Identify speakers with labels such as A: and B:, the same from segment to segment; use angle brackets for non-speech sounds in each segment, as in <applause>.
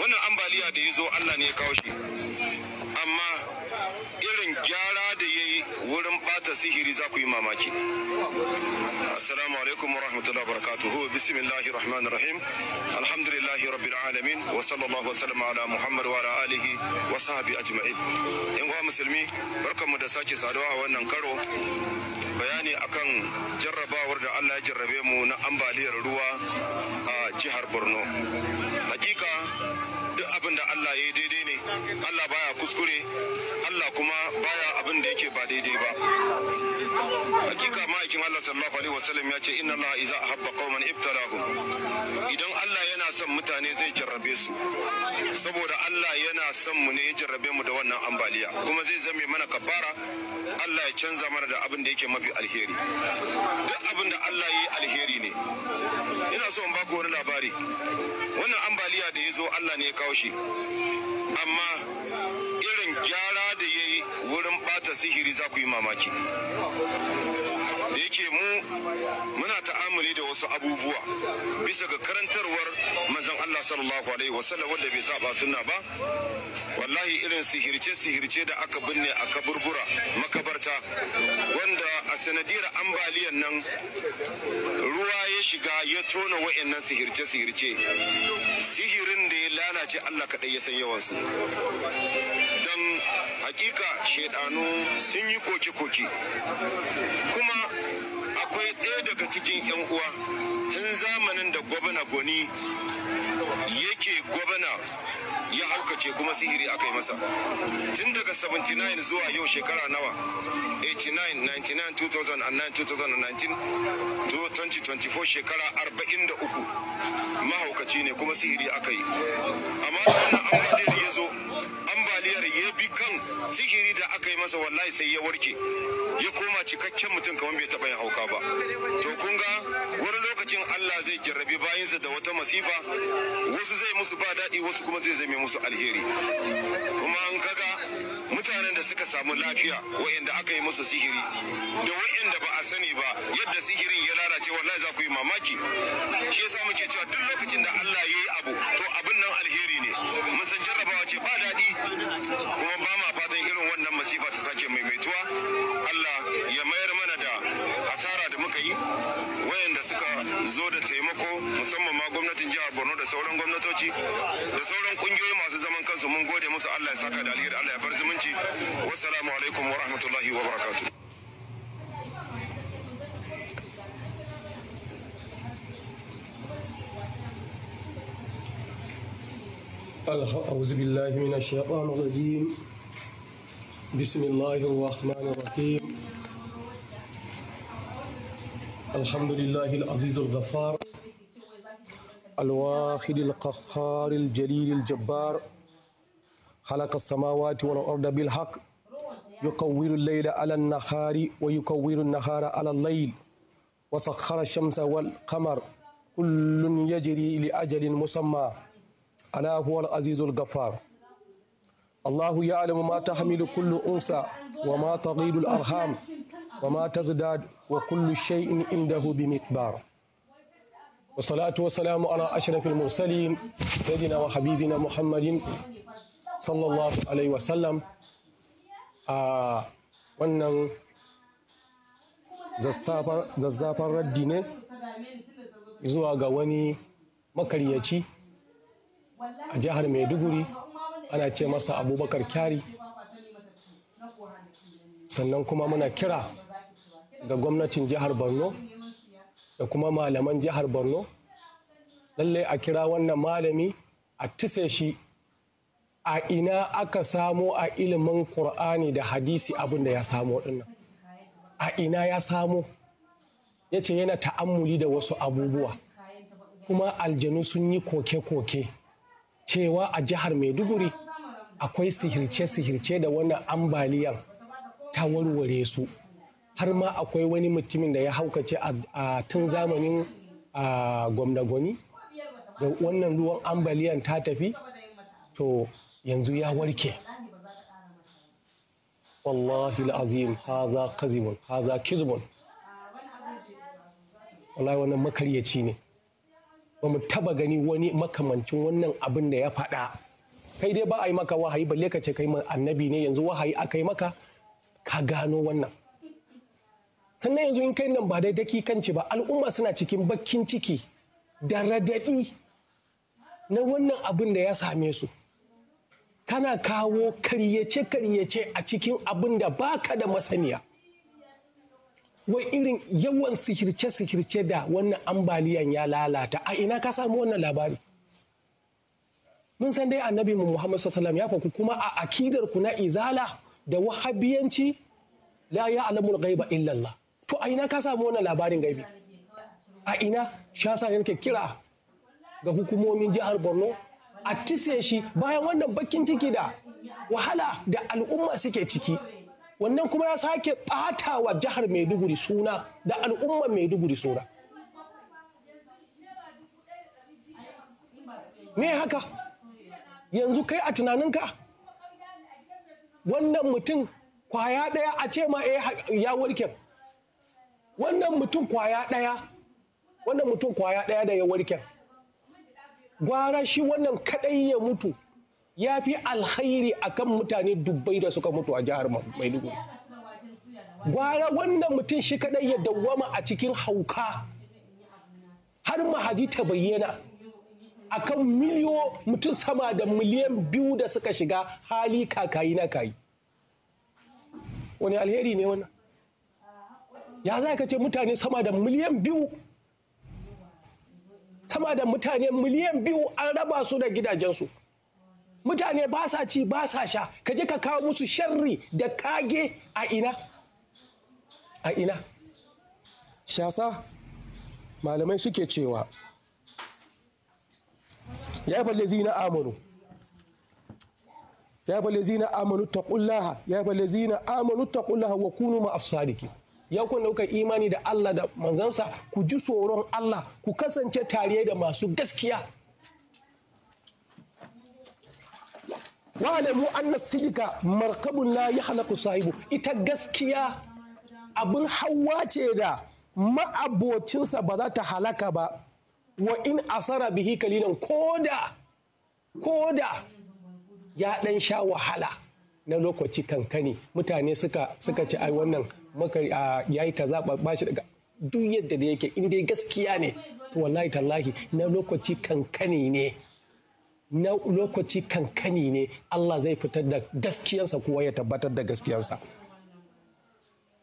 A: wannan ambaliya da ya zo allah ne ya kawo shi amma irin gyara da ya yi wurin bata sihiri za ku yi mamaki assalamu alaikum wa rahmatullahi wa barakatuhu bismillahi rahmanir rahim alhamdulillahi rabbil alamin wa sallallahu wasallam ala muhammad wa ala alihi wa sahbi ajma'in yan uwa musulmi barkanmu da sake saduwa a wannan karo ne akan jarrabawar da Allah ya jarrabe mu na ambaliyar ruwa a jihar Borno. abin da Allah ya yi daidai ne Allah baya kuskure Allah kuma baya abin da yake ba daidai ba hakika ma'aikin Allah sallallahu alaihi wasallam ya ce inna Allah iza ahabba qauman ibtalahum idan Allah yana son mutane zai jarrabe su saboda Allah yana son mu ne ya jarrabe mu da wannan ambaliya kuma zai zame mana kabara Allah ya canza mana da abin da yake mafi alheri duk abin da Allah ya yi alheri ne ina so in baku wani labari wannan ambaliya da ya zo Allah ne ya kawo shi amma irin gyara da ya yi wurin bata sihiri za ku yi mamaki da yake mu muna ta'amuli da wasu abubuwa bisa ga karantarwar manzan Allah sallallahu alaihi wasallam wanda bai saba sunna ba wallahi irin sihirce sihirce da aka binne a kaburbura makabarta wanda a sanadiyar ambaliyan nan ruwa ya shiga ya tona wa'annan sihirce sihirce sihirin da ya lalace Allah kaɗai ya san yawansu don hakika shedanu sun yi koke-koke kuma akwai ɗaya daga cikin 'yan uwa tun zamanin da gwamna goni yake gwamna ya haukace kuma sihiri aka yi masa tun daga 79 zuwa yau shekara nawa 89 99 2009 2019 2024 shekara 43 mahaukaci ne kuma sihiri aka yi amma da wannan ambaliyar ya zo ambaliyar ya bi kan sihiri da yi masa wallahi sai ya warke ya koma cikakken mutum kamar bai taɓa yin hauka ba to kun ga wani lokacin Allah zai jarrabi bayinsa da wata masifa wasu zai musu ba daɗi wasu kuma zai zame musu alheri kuma an kaga mutanen da suka samu lafiya wa'anda aka yi musu sihiri da wa'anda ba a sani ba yadda sihirin ya lalace wallahi za ku yi mamaki shi yasa muke cewa duk lokacin da Allah ya yi abu to abin nan alheri ne mun san jarrabawa ce ba daɗi kuma ba masifa ta sake maimaituwa Allah ya mayar mana da hasara da muka yi wayanda suka zo da taimako musamman ma gwamnatin jihar Borno da sauran gwamnatoci da sauran kungiyoyi masu zaman kansu mun gode musu Allah ya saka da alheri Allah ya bar zumunci wassalamu alaikum wa rahmatullahi wa barakatuh
B: أعوذ بالله من الشيطان الرجيم بسم الله الرحمن الرحيم الحمد لله العزيز الغفار الواحد القهار الجليل الجبار خلق السماوات والأرض بالحق يكور الليل على النهار ويكور النهار على الليل وسخر الشمس والقمر كل يجري لأجل مسمى ألا هو العزيز الغفار Allahu ya alamu ma ta hamilu kullu unsa wa ma ta arham wa ma ta zidad wa kullu shay'in indahu bi miqdar. Wa salatu wa salamu ala ashrafil mursalin sayyidina wa habibina Muhammadin sallallahu a wannan zazzafan raddi ne zuwa ga wani makaryaci a jihar Maiduguri ana ce masa abubakar kyari sannan kuma muna kira ga gwamnatin jihar borno da kuma malaman jihar borno lallai a kira wannan malami a tise shi a ina aka samo a ilimin Kur'ani da hadisi abin da ya samo dinnan a ina ya samo ya ce yana ta'ammuli da wasu abubuwa kuma aljanu sun yi koke-koke cewa a jihar maiduguri akwai sihirce-sihirce da wannan ambaliyan ta warware su har ma akwai wani mutumin da ya haukace a tun zamanin gwamna gwani da wannan ruwan ambaliyan ta tafi to yanzu ya warke wallahi azim haza kazibun haza kizbun wallahi wannan makaryaci ne ba mu taba gani wani makamancin wannan abin da ya faɗa kai dai ba a yi maka wahayi balle ka ce kai annabi ne yanzu wahayi aka yi maka ka gano wannan sannan yanzu in kai nan ba dai daki kanci ba al'umma suna cikin bakin ciki da radadi na wannan abin da ya same su kana kawo karyace-karyace a cikin abin da baka da masaniya wai irin yawan sihirce-sihirce da wannan ambaliyan ya lalata a ina ka samu wannan labari mun san dai annabi mu Muhammad sallallahu ya faku kuma a akidar ku na izala da wahabiyanci la ya al ghaiba illa Allah to a ina ka samu wannan labarin gaibi a ina shi sa yake kira ga hukumomin jihar Borno a tise shi bayan wannan bakin ciki da wahala da al'umma suke ciki wannan kuma ya sake ɓata wa jihar maiduguri suna da al'umma maiduguri suna me haka yanzu kai a tunaninka wannan mutum kwaya ɗaya a ce ma eh, ya warke wannan mutum kwaya ɗaya wannan mutum kwaya daya da ya warke gwara shi wannan kadai ya mutu ya fi alhairi akan mutane dubbai da suka mutu a jihar maiduguri gwara wannan mutum shi kadai ya dawwama a cikin hauka har mahaji ta bayyana akan miliyo mutum sama da miliyan biyu da suka shiga hali kakayi na kayi wani alheri ne wannan ya za ka ce mutane sama da miliyan biyu sama da mutane miliyan biyu an raba su da gidajensu mutane ba sa ci ba sa sha ka je ka kawo musu sharri da kage a ina a ina shasa malamai suke cewa ya ayyuhal na amanu ya na ladzina ta kullaha ya na ta kullaha wa kunu ma afsadiki ya kun dauka imani da Allah da manzansa ku ji tsoron Allah ku kasance tare da masu gaskiya wa'alamu anna sidika markabun la yahlaqu sahibu ita gaskiya abin hawa ce da ma'abocinsa ba za ta halaka ba wa in asara bihi kalilan koda koda ya dan sha wahala na lokaci kankani mutane suka suka ce ai wannan makari yayi kaza ba shi daga duk yadda da yake inda gaskiya ne to wallahi tallahi na lokaci kankani ne na lokaci kankani ne Allah zai fitar da gaskiyarsa kuwa ya tabbatar da gaskiyarsa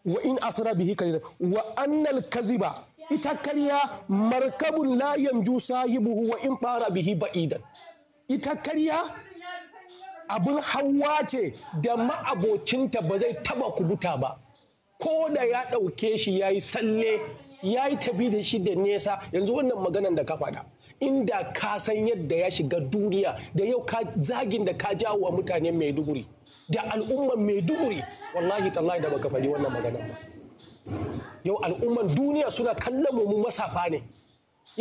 B: wa in asara bihi kalilan wa annal kaziba ita karya markabun layan yanju sahibuhu wa in fara bihi ba'idan ita karya abin hawa ce da ma'abocinta ba zai taba kubuta ba ko da ya ɗauke shi ya yi salle ya yi tabi da shi da nesa yanzu wannan maganan da ka faɗa inda ka san yadda ya shiga duniya da yau ka zagin da ka jawo wa mutane mai maiduguri da mai maiduguri wallahi tallahi da baka faɗi wannan maganan ba yau al'umman duniya suna kallon mu masafa ne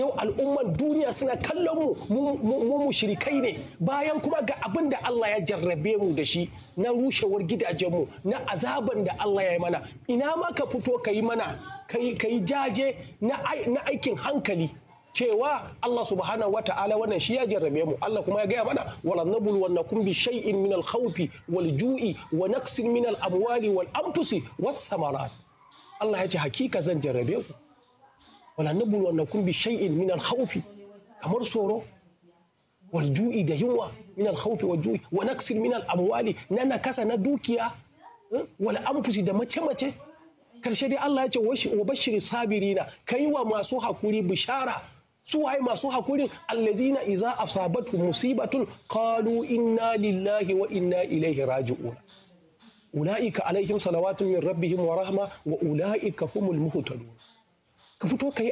B: yau al'umman duniya suna kallon mu mu shirikai ne bayan kuma ga abin da Allah ya jarrabe mu da shi na rushewar gidajenmu na azaban da Allah ya yi mana ina ma ka fito ka yi mana ka yi jaje na aikin hankali cewa Allah subhanahu wata'ala wannan shi ya jarrabe mu Allah kuma ya gaya mana wala nabul wa nakum bi shay'in min al-khawfi wal ju'i wa naqsin min al-amwali wal anfusi was samarat Allah ya ce hakika zan jarrabe ku wala nabulu kun bi shay'in min al-khawfi kamar soro? wal ju'i da yunwa min al-khawfi wal ju'i wa naksir min al-amwali na kasa na dukiya eh, wal anfusi da mace mace karshe dai Allah ya ce wa bashiri sabirina kai wa masu hakuri bishara su waye masu hakurin allazina iza asabatu musibatun qalu inna lillahi wa inna ilaihi raji'un ula'ika alaihim salawatun min rabbihim wa rahma wa ula'ika humul muhtadun ka fito ka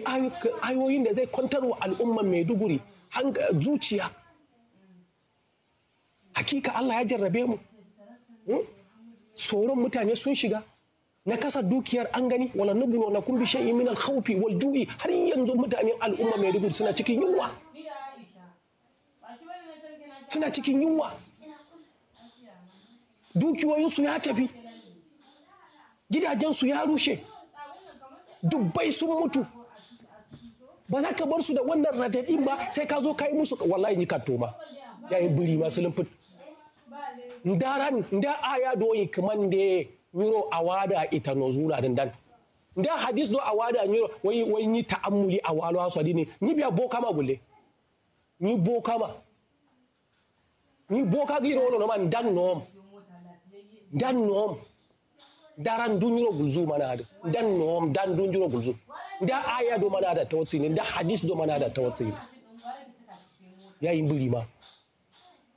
B: ayoyin da zai kwantar wa al'umma mai maiduguri zuciya hakika Allah ya jarrabe mu hmm? tsoron mutane sun shiga na kasa dukiyar an gani wala nubulo na kumbi shay'in min al-khawfi wal ju'i har yanzu mutane al'umma mai suna cikin yunwa suna cikin yunwa dukiyoyinsu ya tafi gidajensu ya rushe dubbai sun mutu ba za ka bar su da wannan radadin ba sai ka zo ka yi musu wallahi ni katto ma ya yi biri masu lumfin ndaran nda aya do yi kaman de nyuro awada ita no zuna din dan nda hadis do awada nyuro wai wai ni ta'ammuli awalo asadi ne ni biya boka ma gulle ni boka ma ni boka do no man dan nom dan nom daran dunjuro gulzu manada dan nom dan dunjuro gulzu da aya do manada tawtsini da hadis do manada tawtsini ya yin bulima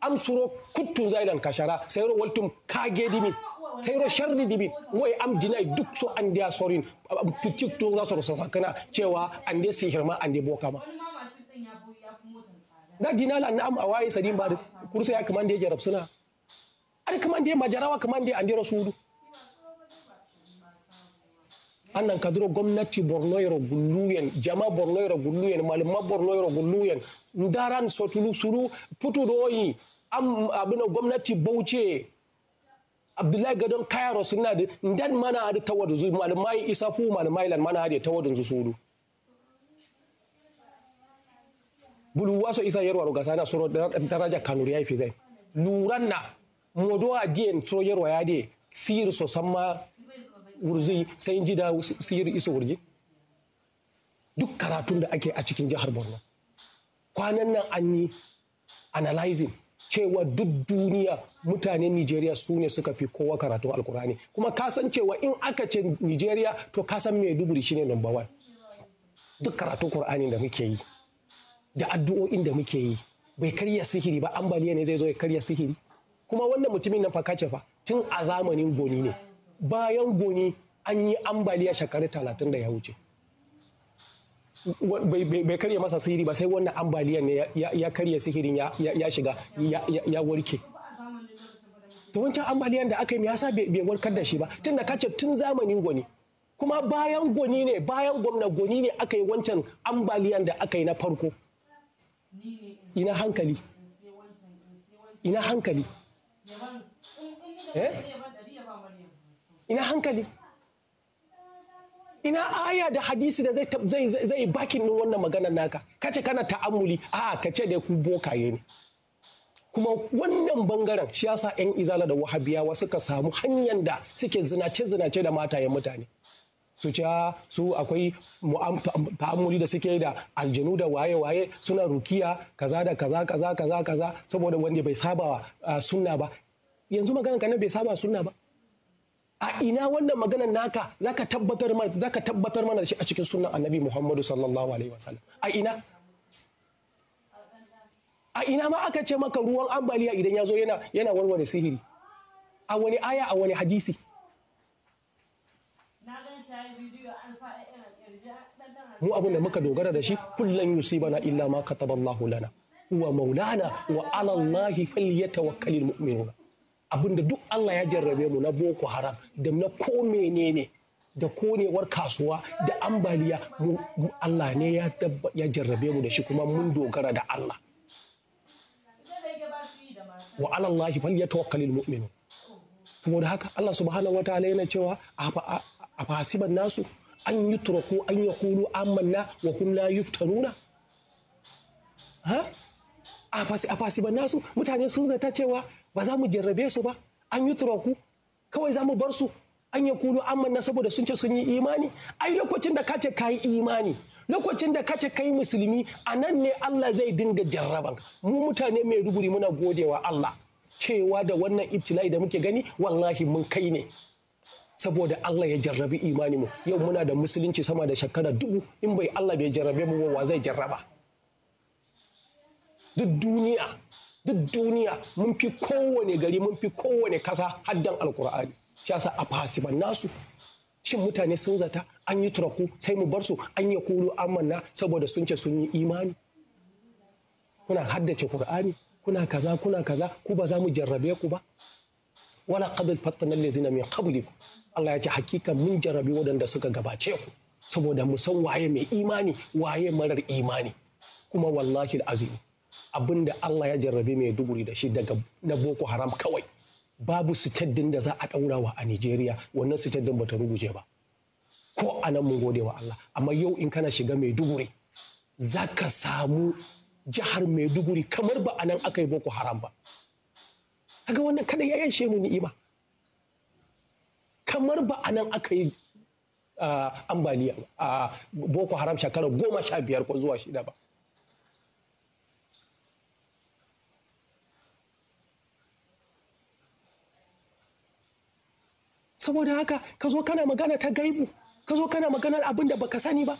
B: am suro kuttun zailan kashara sayro waltum kage dimin sayro sharri dimin moye am dinai duk so andiya sorin pitik tun za soro sasakana cewa ande sihirma ande bokama da dinala na am awai sadin ba kursa ya kamanda ya jarabsuna ai kamande majarawa kamande andiro sudu. annan kadiro gwamnati borno yoro gulluyen jama borno yoro gulluyen malima borno yoro gulluyen ndaran sotulu suru putuɗo oyi am abino gwamnati bauce abdullahi gadon kayaro sunna da ndan mana adi tawadu zu malimai isafu malimai lan mana adi tawadu zu sudu bulu waso isa yarwaro gasana soro daraja kanuri ay Luran luranna modo a dien troyer wa yade sir so samma wurzi sai ji da sir iso wurji duk karatun da ake a cikin jihar Borno kwanan nan an yi analyzing cewa duk duniya mutanen Nigeria su ne suka fi kowa karatun alkurani kuma ka san cewa in aka ce Nigeria to ka san me duburi shine number one duk karatun qur'ani da muke yi da addu'o'in da muke yi bai karya sihiri ba ambaliya ne zai zo ya karya sihiri kuma wannan mutumin na fa kace fa tun a zamanin goni ne bayan goni an yi ambaliya shekaru talatin da ya wuce bai karya masa sihiri ba sai wannan ambaliyan ne ya karya sihirin ya shiga ya warke to wancan ambaliyan da aka yi ya sa bai warkar da shi ba tun da kace tun zamanin goni. kuma bayan goni ne bayan gwamna goni ne aka yi wancan ambaliyan da aka yi na farko ina hankali ina hankali Eh? ina hankali ina aya da hadisi da zai zai zai bakin din wannan magana naka kace kana ta'amuli a kace da ku bokaye ne kuma wannan bangaren shi yasa yan izala da wahabiyawa suka samu hanyar da suke zinace zinace da matayen mutane su ci ah, su akwai ta'amuli da suke da aljanu da waye-waye suna rukiya kaza da kaza kaza kaza kaza saboda wanda bai saba ah, sunna ba yanzu magana ka bai saba sunna ba a ina wannan maganar naka zaka tabbatar mana zaka tabbatar mana shi a cikin sunnan annabi Muhammadu sallallahu alaihi wasallam a ina a ina ma aka ce maka ruwan ambaliya idan ya zo yana warware sihiri a wani aya a wani hadisi mu abin da muka dogara da shi kullum yusibana illa ma kataballahu lana wa maulana wa ala allahi falyatawakkalul mu'minuna abinda duk Allah ya jarrabe mu na boko haram da na ko menene da konewar kasuwa da ambaliya mu Allah ne ya jarrabe mu da shi kuma mun dogara da Allah wa ala allahi falyatawakkalul mu'minun saboda haka Allah subhanahu wataala yana cewa a a fasiban nasu an yi turaku an ya kulu amanna wa hum yi ta ha a fasiban nasu mutane sun zata cewa ba za mu jarrabe su ba an yi turaku kawai za mu bar su an ya kulu amanna saboda sun ce sun yi imani ai lokacin da ka ce ka yi imani lokacin da ka ce ka yi musulmi a nan ne Allah zai dinga jarraban mu mutane mai ruburi muna godewa Allah cewa da wannan ibtila'i da muke gani wallahi mun kai ne saboda Allah ya jarrabi imani mu yau muna da musulunci sama da shekara dubu in bai Allah bai jarrabe mu wa zai jarraba duk duniya duk duniya mun fi kowane gari mun fi kowane kasa haddan alkur'ani shi a fasiban nasu shin mutane sun zata an yi turaku sai mu bar su an yi kulu amanna saboda sun ce sun yi imani kuna haddace qur'ani kuna kaza kuna kaza ku ba za mu jarrabe ku ba wala qad fattana allazina min qablikum Allah ya ce hakika mun jarabi waɗanda suka gabace ku saboda mu san waye mai imani waye marar imani kuma wallahi da azim abinda Allah ya jarrabe mai duguri da shi daga na boko haram kawai babu sitaddin da za a ɗaurawa a Nijeriya. wannan sitaddin ta ruguje ba ko anan mun gode wa Allah amma yau in kana shiga mai Maiduguri za ka samu jihar Maiduguri kamar ba anan nan aka yi boko haram ba kaga wannan kada ya yanshe mu ni'ima kamar ba a nan aka yi ambaliya a boko haram shakarar goma sha biyar ko zuwa shida ba saboda haka ka zo kana magana ta gaibu ka zo kana maganar abin da baka sani ba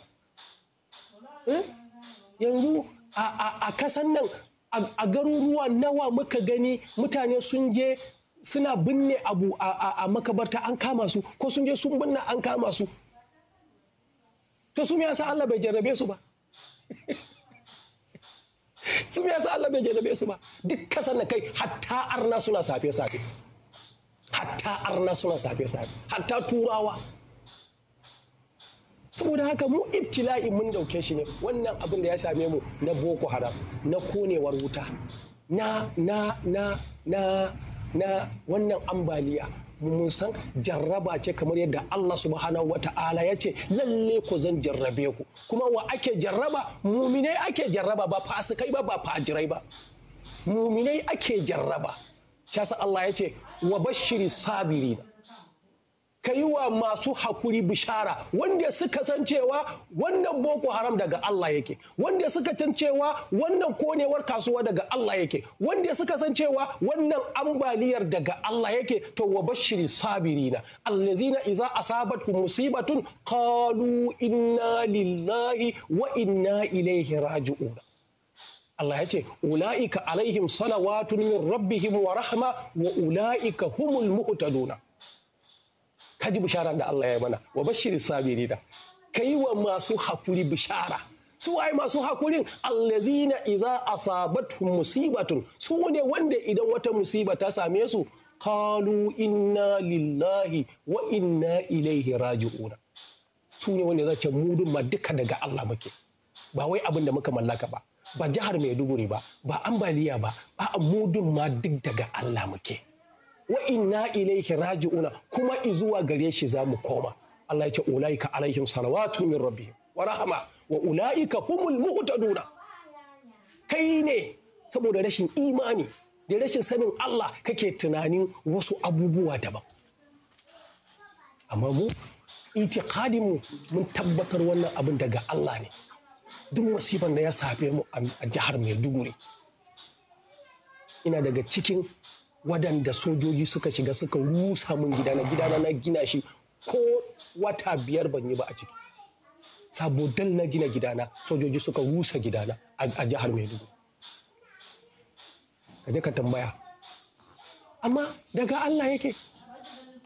B: eh? yanzu a kasan nan a garuruwa nawa muka gani mutane sun je suna binne abu a makabarta an kama su ko sun je sun binne an kama su to sun ya sa Allah bai jarrabe su ba <laughs> sun ya sa Allah bai jarrabe su ba duk kasan na kai hatta arna suna safe safe hatta arna suna safe safe hatta turawa saboda haka mu ibtila'i mun dauke shi ne wannan abin da ya same mu na boko haram na konewar wuta na na na na na wannan ambaliya mun san jarraba ce kamar yadda Allah subhanahu wa ta'ala ya ce lalle ku zan jarrabe ku kuma wa ake jarraba muminai ake jarraba ba fasikai ba ba fajirai ba muminai ake jarraba shasa Allah ya ce wa bashiri sabirina ka yi wa masu hakuri bishara wanda suka san cewa wannan boko haram daga Allah yake wanda suka san cewa wannan konewar kasuwa daga Allah yake wanda suka san cewa wannan ambaliyar daga Allah yake to wa bashiri sabirina allazina iza asabatuhum musibatun qalu inna lillahi wa inna ilaihi raji'un Allah ya ce ula'ika alaihim salawatun min rabbihim wa rahma wa ula'ika humul muhtaduna ka ji bishara da Allah ya mana wa bashir Ka kai wa masu hakuri bishara su waye masu hakurin allazina iza asabatuhum musibatun su ne wanda idan wata musiba ta same su qalu inna lillahi wa inna ilaihi raji'un su ne wanda zace mu dun ma duka daga Allah muke ba wai abin da muka mallaka ba ba jihar Maiduguri ba ba ambaliya ba ba mu dun ma duk daga Allah muke wa inna ilaihi raji'una kuma izuwa gare shi za mu koma Allah ya ce ulaika alaihim salawatu min rabbihim wa rahma wa ulaika humul muhtaduna kai ne saboda rashin imani da rashin sanin Allah kake tunanin wasu abubuwa daban amma mu mu mun tabbatar wannan abin daga Allah ne duk masifan da ya safe mu a jihar Maiduguri ina daga cikin waɗanda sojoji suka shiga suka rusa min gidana gidana na gina shi ko wata biyar ban yi ba a ciki sabodal na gina gidana sojoji suka rusa gidana a jihar maiduguri ka je ka tambaya amma daga allah yake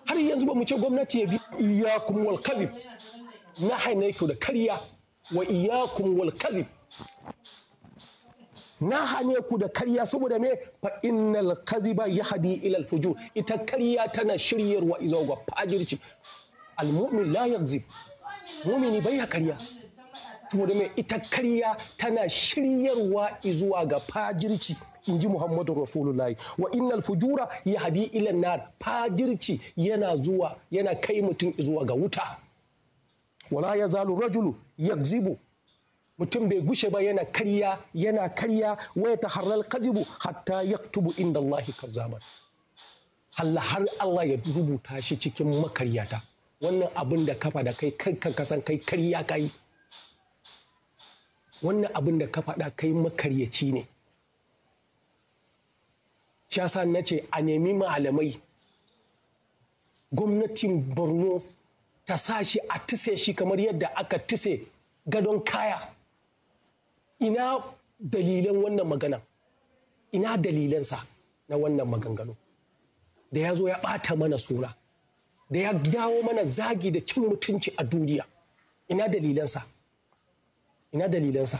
B: har yanzu ba mu ce gwamnati ya bi iyakum wal kazib na haina da karya wa iyakun wal kazib na hane ku da karya saboda me fa innal kaziba yahdi ila al ita karya tana shiryarwa izo ga fajirci al-mu'min la yakzib mu'mini bai karya saboda me ita karya tana shiryarwa izuwa ga fajirci in ji muhammadu rasulullahi wa innal fujura yahdi ila nar fajirci yana zuwa yana kai mutum zuwa ga wuta wala yazalu rajulu yakzibu mutum bai gushe ba yana karya yana karya waya ta harar kazibu hatta yaktubu inda Allah kazzaban Allah har Allah ya rubuta shi cikin makaryata wannan abin da kafa da kai kanka kasan kai karya kai wannan abin da ka faɗa kai makaryaci ne shasa na ce a nemi malamai gwamnatin borno ta sa shi a tise shi kamar yadda aka tise gadon kaya ina dalilan wannan magana ina dalilansa na wannan maganganu da ya zo ya ɓata mana suna da ya jawo mana zagi da cin mutunci a duniya ina dalilansa ina dalilansa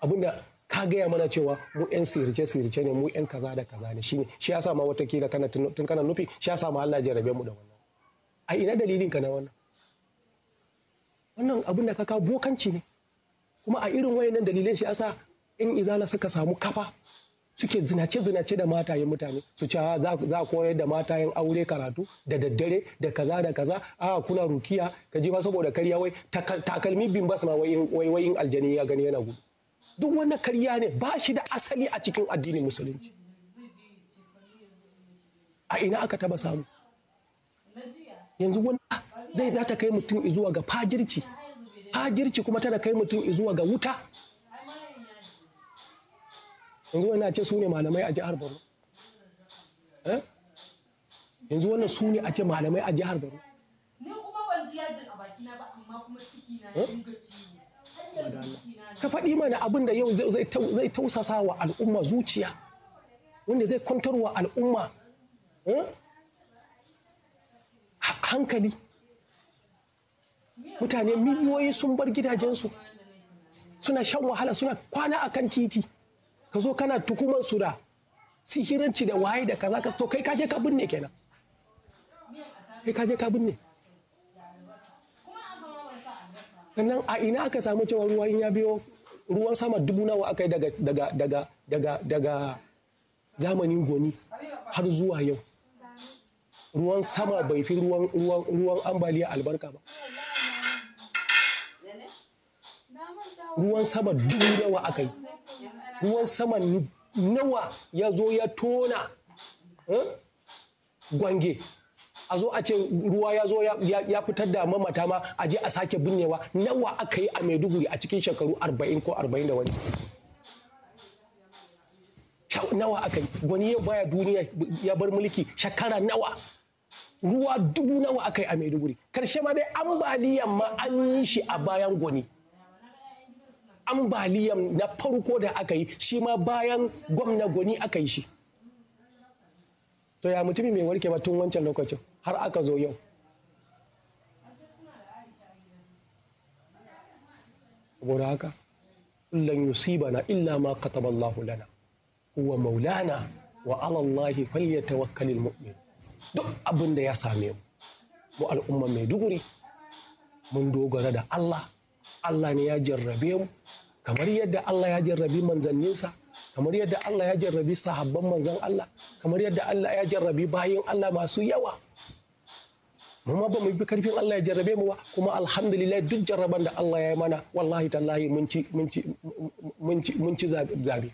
B: abinda ka gaya mana cewa mu yan sirce sirce ne mu yan kaza da kaza ne shine shi yasa ma wata kila kana tun kana nufi shi yasa ma Allah ya jarabe mu da wannan ai ina dalilin ka na wannan wannan abin da ka kawo bokanci ne kuma a irin wayannan dalilai shi yasa in izala suka samu kafa suke zinace-zinace da mataye mutane su cewa ah, za koyar da matayen aure karatu da daddare da kaza da kaza a ah, kuna rukiya ka ji ba saboda karya wai takalmi bin bas ma wai in aljani ya gani yana gudu duk wannan karya ne ba shi da asali a cikin addinin musulunci a ina aka taba samu yanzu wani zai za ta kai mutum zuwa ga fajirci fajirci kuma tana kai mutum zuwa ga wuta yanzu wani ce su ne malamai a jihar borno eh? yanzu wannan su ne a ce malamai a jihar borno eh? ka faɗi mana abin da yau zai tausasa wa al'umma zuciya wanda zai kwantar wa al'umma eh? hankali mutane miliyoyi sun bar gidajensu suna shan wahala suna kwana a kan titi ka zo kana tukuman su da sihiranci da waye da kaza ka to kai kaje ka binne kenan kai kaje ka binne sannan a ina aka samu cewa ruwa in ya biyo ruwan sama dubu nawa aka yi daga daga daga daga daga zamanin goni har zuwa yau ruwan sama bai fi ruwan ambaliya albarka ba ruwan sama dubu nawa aka yi ruwan sama nawa ya zo ya tona eh, gwange a zo a ce ruwa ya zo ya fitar da mamata ma a je a sake binnewa nawa aka yi a maiduguri a cikin shekaru 40 ko 40 da wani nawa aka yi gwani ya baya duniya ya bar mulki shekara nawa ruwa dubu nawa aka yi a maiduguri karshe ma dai ambaliyan ma an yi shi a bayan gwani ambaliyan na farko da aka yi shi ma bayan gwamna goni aka yi shi to ya mutumi mai warke ba tun wancan lokacin har aka zo yau saboda haka lan yusibana illa ma kataballahu lana huwa maulana wa ala allahi wakkalin mu'min duk abin da ya same mu mu al'umma mai duguri mun dogara da Allah Allah ne ya jarrabe mu kamar yadda Allah ya jarrabi manzanninsa kamar yadda Allah ya jarrabi sahabban manzan Allah kamar yadda Allah ya jarrabi bayan Allah masu yawa mu ma ba mu bi karfin Allah ya jarrabe mu ba kuma alhamdulillah duk jarraban da Allah ya yi mana wallahi tallahi mun ci mun ci mun ci zabe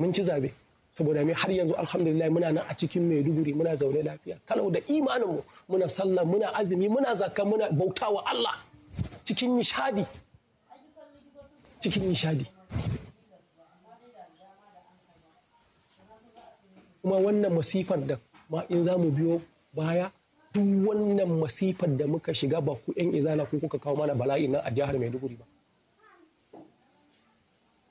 B: mun ci zabe saboda mai har yanzu alhamdulillah muna nan a cikin maiduguri muna zaune lafiya kalau da imaninmu muna sallah muna azumi muna zakka muna bautawa Allah cikin nishadi cikin nishadi kuma wannan masifar da ma in za mu biyo baya duk wannan masifar da muka shiga ba ku 'yan izala ku kuka kawo mana bala'i nan a jihar maiduguri ba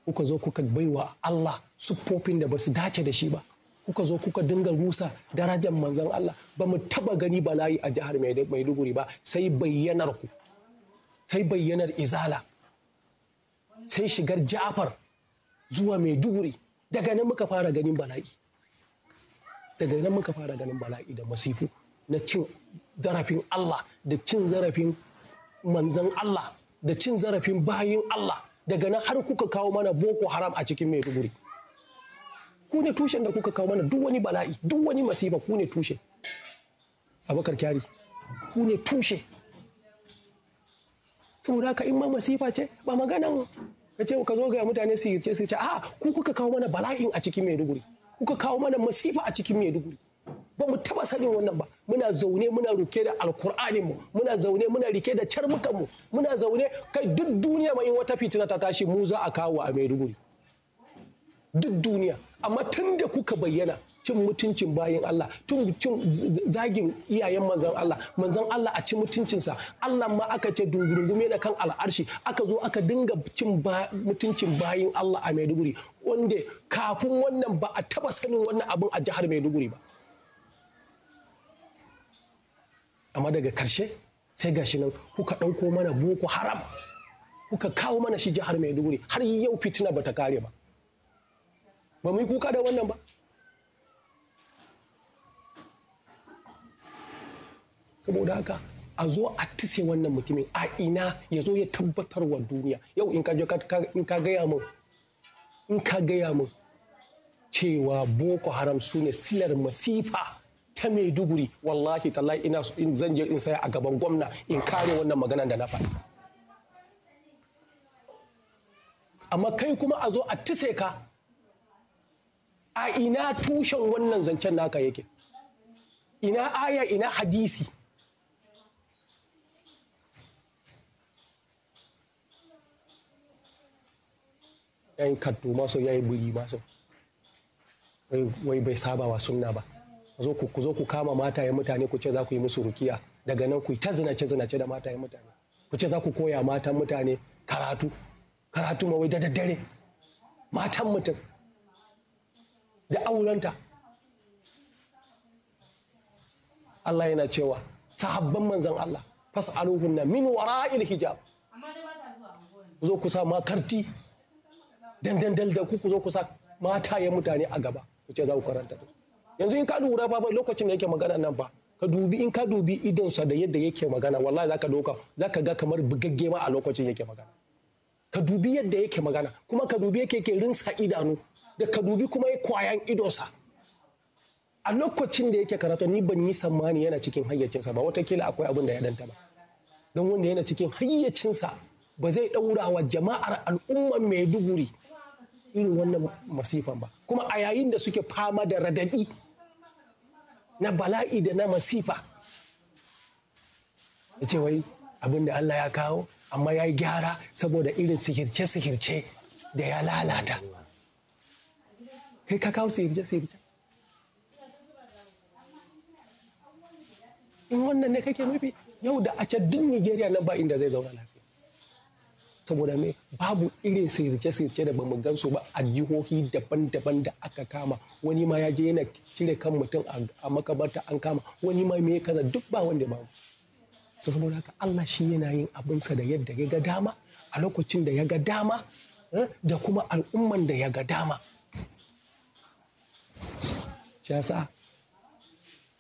B: kuka zo kuka baiwa allah siffofin da ba su dace da shi ba kuka zo kuka dinga rusa darajar manzon allah ba mu taba gani bala'i a jihar maiduguri ba sai bayyanar ku sai bayyanar izala sai shigar jafar zuwa maiduguri daga nan muka fara ganin bala'i daga nan muka fara ganin bala'i da masifu na cin zarafin Allah da cin zarafin manzan Allah da cin zarafin bayin Allah daga nan har kuka kawo mana boko haram a cikin maiduguri ku ne tushen da kuka kawo mana duk wani bala'i duk wani masifa ku ne tushe abakar kyari ku ne tushe saboda ka in ma masifa ce ba maganan ka ce ka zo ga mutane su yirce su ce a ku kuka kawo mana bala'in a cikin Maiduguri kuka kawo mana masifa a cikin Maiduguri ba mu taba sanin wannan ba muna zaune muna rike da alkur'ani mu muna zaune muna rike da carmukan mu muna zaune kai duk duniya ma in wata fitina ta tashi mu za a kawo a Maiduguri duk duniya amma tun da kuka bayyana cin mutuncin bayin Allah tun cin zagin iyayen Manzan Allah Manzan Allah a cin mutuncinsa Allah ma aka ce dungurungume da kan al'arshi aka zo aka dinga cin mutuncin bayin Allah a Maiduguri wanda kafin wannan ba a taba sanin wannan abin a jihar Maiduguri ba amma daga karshe sai gashi nan kuka ɗauko mana boko haram kuka kawo mana shi jihar Maiduguri har yau fitina bata kare ba ba mu yi kuka da wannan ba saboda haka a zo a tise wannan mutumin a ina ya zo ya tabbatar wa duniya yau in ka in ka gaya mu in ka gaya mun cewa boko haram su ne silar masifa ta maiduguri wallahi tallahi ina zan je in saya a gaban gwamna in kare wannan magana da na faɗi amma kai kuma a zo a tise ka a ina tushen wannan zancen naka yake ina aya ina hadisi yan kaddu maso ya yi buri maso wai bai saba wa sunna ba ku zo ku kama matayen mutane ku ce za ku yi musu rukiya daga nan ku ta zinace zinace da matayen mutane ku ce za ku koya matan mutane karatu karatu ma wai da daddare matan mutum da aurenta Allah yana cewa sahabban manzan Allah fas'aluhunna min wara'il hijab zo ku sa makarti dandandal da ku zo kusa sa ya mutane a gaba ku ce za ku karanta yanzu in ka lura ba lokacin da yake magana nan ba ka dubi in ka dubi idonsa da yadda yake magana wallahi zaka doka zaka ga kamar bugagge ma a lokacin yake magana ka dubi yadda yake magana kuma ka dubi yake ke rinsa idanu da ka dubi kuma ya kwayan idonsa a lokacin da yake karatu ni ban yi sammani yana cikin hayyacinsa ba watakila akwai abin da ya danta ba dan wanda yana cikin hayyacinsa ba zai daura wa jama'ar al'ummar maiduguri irin wannan masifan ba kuma a yayin da suke fama da radadi na bala'i da na masifa ya ce wai abin da Allah ya kawo amma ya yi gyara saboda irin sihirce-sihirce da ya lalata kai ka kawo sihirce-sihirce in wannan ne kake nufi yau da a can duk nigeria nan ba inda zai zauna lafiya saboda me babu irin sirce-sirce da bamu gansu ba a jihohi daban-daban da aka kama wani ma ya je yana cire kan mutum a makabarta an kama wani ma me kaza duk ba wanda ba su saboda haka Allah shi yana yin abinsa da yadda ya ga dama a lokacin da ya ga dama eh, da kuma al'umman da ya ga dama shi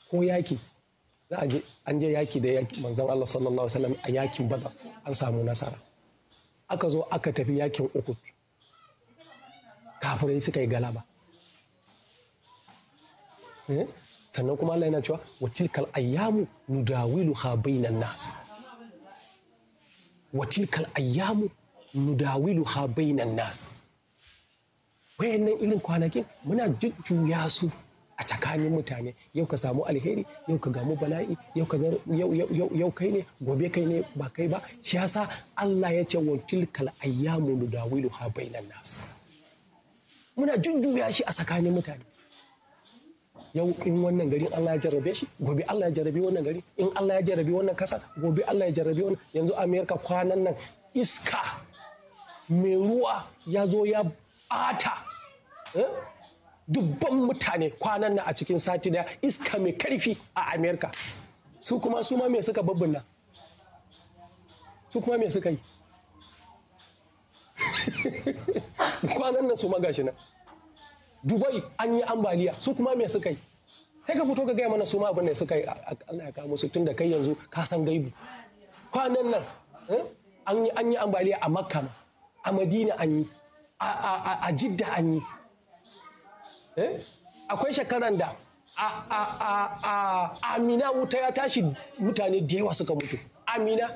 B: ko yaki za a je an je yaki da yaki manzon Allah sallallahu alaihi wasallam a yakin badar an samu nasara aka zo aka tafi yakin Uhud kafirai suka yi galaba eh? sannan kuma Allah yana cewa wa tilkal ayyamu ha bainan nas wa tilkal ayyamu ha bainan nas wayannan irin kwanakin muna jujjuya su a tsakanin mutane yau ka samu alheri yau ka gamu bala'i yau ka yau kai ne gobe kai ne ba kai ba shi yasa Allah ya ce wa tilkal ayyamu nudawilu ha bainan nas muna jujjuya shi a tsakanin mutane yau in wannan gari Allah ya jarrabe shi gobe Allah ya jarrabe wannan gari in Allah ya jarrabe wannan kasa gobe Allah ya jarrabe wannan yanzu Amerika kwanan nan iska mai ruwa ya zo ya bata eh? dubban mutane kwanan nan a cikin sati daya iska mai karfi a amerika su kuma su ma me suka babbuna su kuma me suka yi <laughs> kwanan nan su ma gashi nan dubai an yi ambaliya su kuma me suka yi sai ka fito ka gaya mana su ma abin da suka yi Allah ya kamo su tun da kai yanzu ka san gaibu kwanan nan eh, an yi ambaliya a makka a madina an yi a jidda an yi Eh? akwai shekaran da a amina wuta ya tashi mutane da yawa suka mutu amina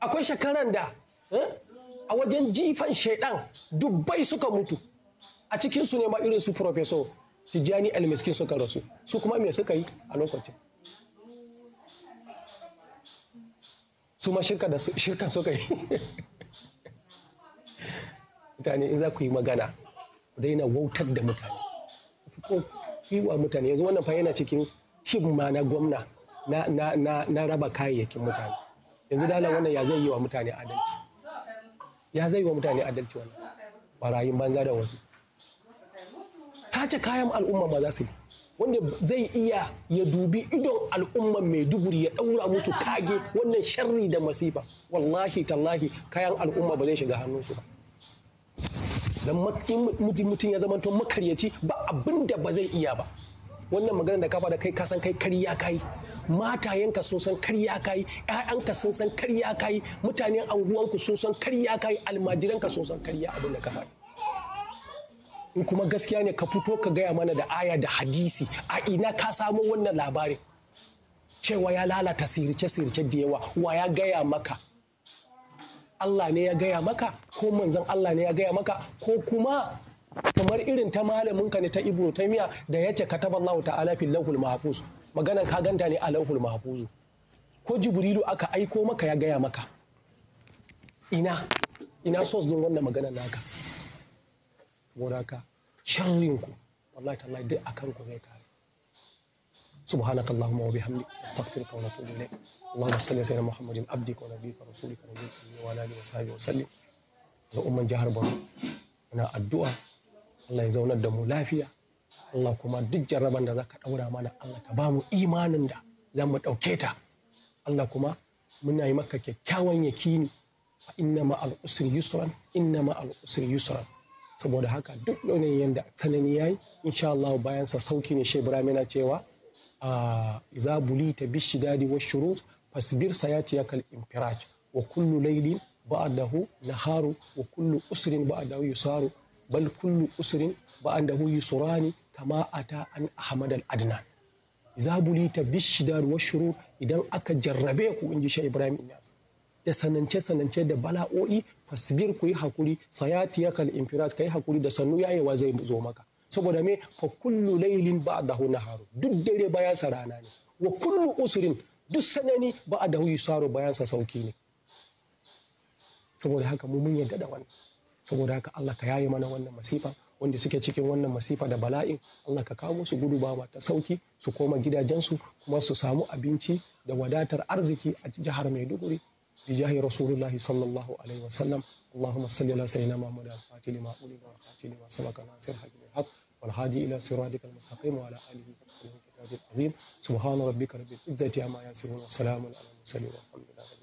B: akwai shekaran da eh, a wajen jifan shaidan dubbai suka mutu a cikin su ne ma irin su profeso tijjani almiskin suka rasu su kuma me suka yi a lokacin su ma shirka da shirka suka yi <laughs> mutane in za ku yi magana daina wautar da mutane yi wa mutane yanzu wannan fa yana cikin tim ma na gwamna na, raba kayayyakin mutane yanzu dala wannan ya zai yi wa mutane adalci ya zai yi wa mutane adalci wannan barayin banza da wasu sace kayan al'umma ma za su yi wanda zai iya ya dubi idon al'umma mai duburi ya daura musu kage wannan sharri da masifa wallahi tallahi kayan al'umma ba zai shiga hannunsu ba dan mutum mutum ya zamanto makaryaci ba abin da ba zai iya ba wannan magana da kafa da kai kasan kai kariya kai matayenka sun san kariya kai ƴaƴanka sun san kariya kai mutanen anguwanku sun san kariya kai almajiranka sun san kariya abin da ka in kuma gaskiya ne ka fito ka gaya mana da aya da hadisi a ina ka samo wannan labarin cewa ya lalata sirce-sirce da yawa wa ya gaya maka Allah ne ya gaya maka ko manzon Allah ne ya gaya maka ko kuma kamar irin ta malamin ka ne ta Ibn Taymiyyah da ya ce Allah ta'ala fil lahul mahfuz maganan ka ganta ne a lahul mahfuz ko Jibrilu aka aiko maka ya gaya maka ina ina so din wannan magana naka wuraka haka sharrin ku wallahi tallahi duk akan ku zai kare سبحانك اللهم jihar Borno muna addu'a Allah ya zaunar da mu lafiya Allah kuma duk jarraban da zaka ɗaura mana Allah ka ba mu imanin da za mu dauke ta Allah kuma muna yi maka kyakkyawan yakini fa inna ma al usri yusran al usri yusran saboda haka duk yanayin yanda tsanani yayi insha Allah bayan sa sauki ne Shehu Ibrahim cewa bishi dadi wa shurut fasbir sayati yakal infiraj wa kullu laylin ba'dahu naharu wa kullu usrin ba'dahu yusaru bal kullu usrin ba'dahu yusrani kama ata an ahmad al adnan bishi dadi wa shurut idan aka jarrabe ku inji sha ibrahim inas da sanance sanance da bala'o'i fasbir ku yi hakuri sayati yakal ka kai hakuri da sannu yayewa zai zo maka saboda me fa kullu laylin ba'dahu naharu duk dare bayan sa rana ne wa kullu usrin duk sanani ba'dahu yusaru bayan sa sauki ne saboda haka mu mun yadda da wannan saboda haka Allah ka yaye mana wannan masifa wanda suke cikin wannan masifa da bala'in Allah ka kawo su gudu ba ta sauki su koma gidajensu kuma su samu abinci da wadatar arziki a jihar Maiduguri bi jahi Rasulullahi sallallahu alaihi wasallam اللهم صل على سيدنا محمد الفاتح لما أولي wa al والهادي إلى صراطك المستقيم وعلى آله وصحبه العظيم سبحان ربك رب العزة عما يصفون وسلام على المرسلين والحمد لله